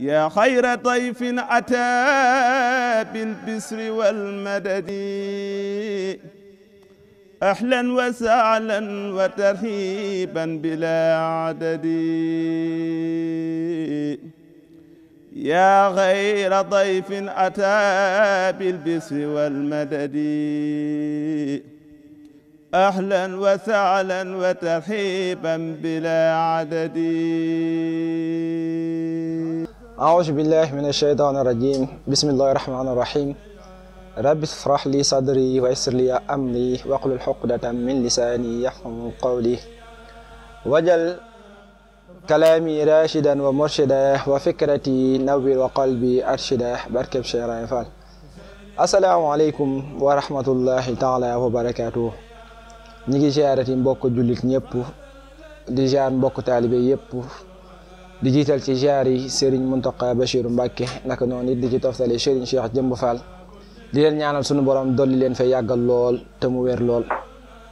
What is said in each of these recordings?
yaa xayra dayfin ataa bil bisri wal madadi ahlan wa sahlan wa tarhiban bilaa adadi yaa xayra dayfin ataa bil bisri wal madadi ahlan wa sahlan wa tarhiban bilaa adadi أعوذ بالله من الشيطان الرجيم بسم الله الرحمن الرحيم رب اشرح لي صدري ويسر لي أمري واحلل عقدة من لساني يفقهوا قولي واجعل كلامي راشدا ومرشدا وفكرتي نوّر وقلبي أرشدا بركب شيران فال السلام عليكم ورحمة الله تعالى وبركاته ñi ngi ziarati mbokk jullit ñëpp di ziar mbokk taalibe yëpp di jiital ci ziar yi Serigne Mountakha Bachir Mbacke naka noonu it di ci toftale Serigne Cheikh Jëmb Fall di leen ñaanal sunu borom dolli leen fay yàggal lool te mu wér lool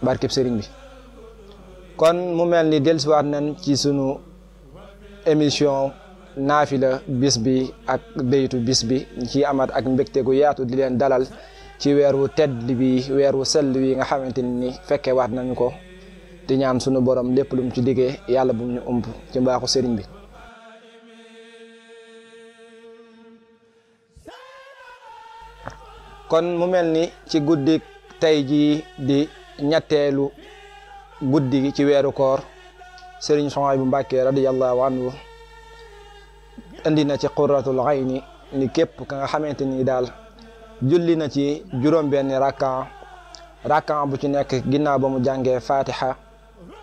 barkeb Serigne bi. kon mu mel ni dellusiwaat nañ ci sunu émission naafila bis bi ak béytu bis bi ci amaat ak mbégte gu yaatu di leen dalal ci weer wu tedd bi weer wu sell wi nga xamante ni fekke waat nañ ko di ñaan sunu borom lépp lu ci diggee yàlla bu mu ñu umb ci mbaaxu sëriñ bi. kon mu mel ni ci guddi tey jii di ñetteelu guddi gi ci weeru koor Serigne bu Mbacké radiyallahu anhu indi na ci qurratul ayni ni képp ka nga xamante ni daal julli na ci juróom-benn rakkan rakkan bu ci nekk ginnaaw ba mu jàngee fatiha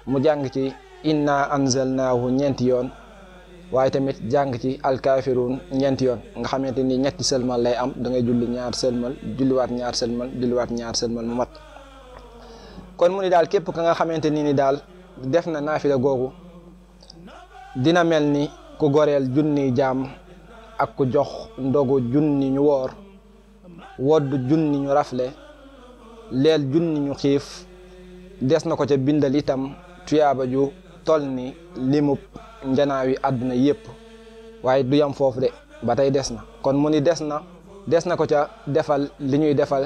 mu jàng ci inna anzalnaahu ñeenti yoon waaye tamit jàng ci alkaafiruun ñeenti yoon nga xamante ni ñetti sëlmal lay am dangay ngay julli ñaar sëlmal julliwaat ñaar sëlmal julliwaat ñaar sëlmal mu mat kon mu ni daal képp ka nga xamante ni ni daal def na naafila googu dina mel ni ku goreel junni jàmm ak ku jox ndogu junni ñu woor wodd junni ñu rafle leel junni ñu xiif des na ko ca bindal itam tuyaaba ju toll ni limub njanaaw yi àdduna yëpp waaye du yam foofu de ba tey des na kon mu ni des na des na ko ca defal li ñuy defal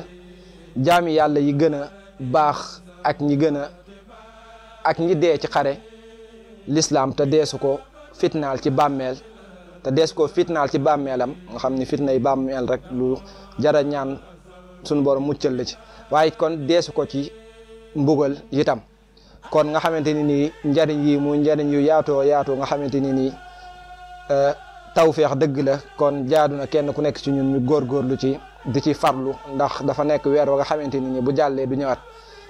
jaami yàlla yi gën a baax ak ñi gën a ak ñi dee ci xare lislaam te deesu ko fitnaal ci bàmmeel te dees ko fitnaal ci bàmmeelam nga xam ni fitna yi bàmmeel rek lu jara ñaan suñu borom muccal la ci waaye kon deesu ko ci mbugal itam kon nga xamante ni nii njariñ yi mu njariñ yu yaatoo yaato nga xamante ni nii e, tawfeex dëgg la kon jaadu na kenn ku nekk ci ñun góor góorgóorlu ci di ci farlu ndax dafa nekk weer wa nga xamante ni nii bu jàllee du ñëwaat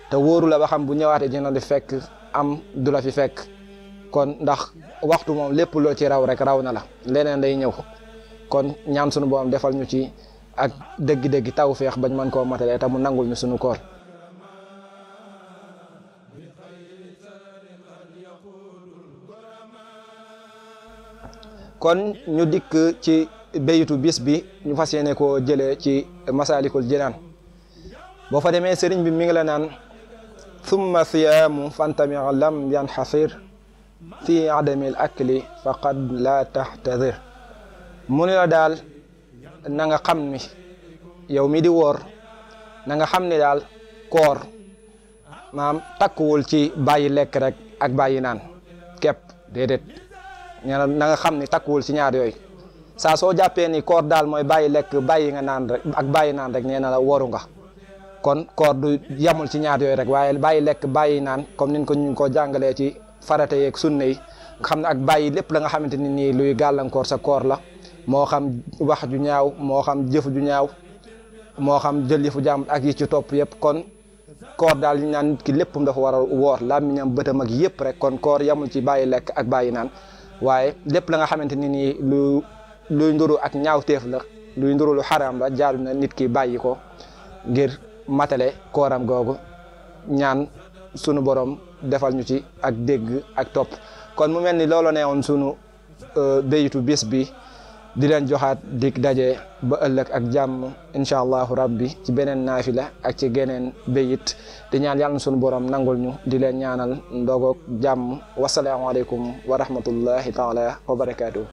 te wóoru la ba xam bu ñëwaatee dina di fekk am du la fi fekk kon ndax waxtu moom lépp loo ci raw rek raw na la leneen day ñëw kon ñaan sunu boom defal ñu ci ak dëgg-dëgg tawfeex bañ mën koo matale te mu nangul ñu sunu koor kon ñu dikk ci béytu bis bi ñu fas yéene koo jëlee ci masalikul jinaan boo fa demee sëriñ bi mi ngi la naan thumma siyaamu fantami lam yanxasir fi adamil akli faqad la tahtadir mu ne la daal nanga nga ni yow mi di woor nanga nga xam ni daal koor maam wul ci bàyyi lekk rek ak bàyyi naan képp déedéet na nga xam ni takkuwul ci ñaar yooyu saa soo jàppee ni koor daal mooy bàyyi lekk bàyyi nga naan rek ak bàyyi naan rek nee na la woru nga kon koor du yamul ci ñaar yooyu rek waaye bàyyi lekk bàyyi naan comme niñ ko ñu ko jàngalee ci farata yeeg sunna yi nga xam ne ak bàyyi lépp la nga xamante ni nii luy gàllankoor sa koor la moo xam wax ju ñaaw moo xam jëf ju ñaaw moo xam jël yëfu jàmm ak yi ci topp yëpp kon koor daal li ñu naan nit ki léppam dafa war a woor làmmiñam bëtam ak yëpp rek kon koor yamul ci bàyyi lekk ak bàyyi naan waaye lépp la nga xamante ni nii lu luy nduru ak ñaawteef la luy nduru lu xaraam la jaadu na nit ki bàyyi ko ngir matale kooram googu ñaan sunu borom defal ñu ci ak dégg ak topp kon mu mel ni loolu neewoon sunu euh, béyitu bis bi di leen joxaat dig daje ba ëllëg ak jàmm incha allahu rabbi ci beneen naafila ak ci geneen béyit di ñaan yàlla sunu borom nangul ñu di leen ñaanal ndogoog jàmm wasalaamualeykum wa rahmatullahi taala wa barakaatu.